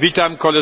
Witam koleżanki.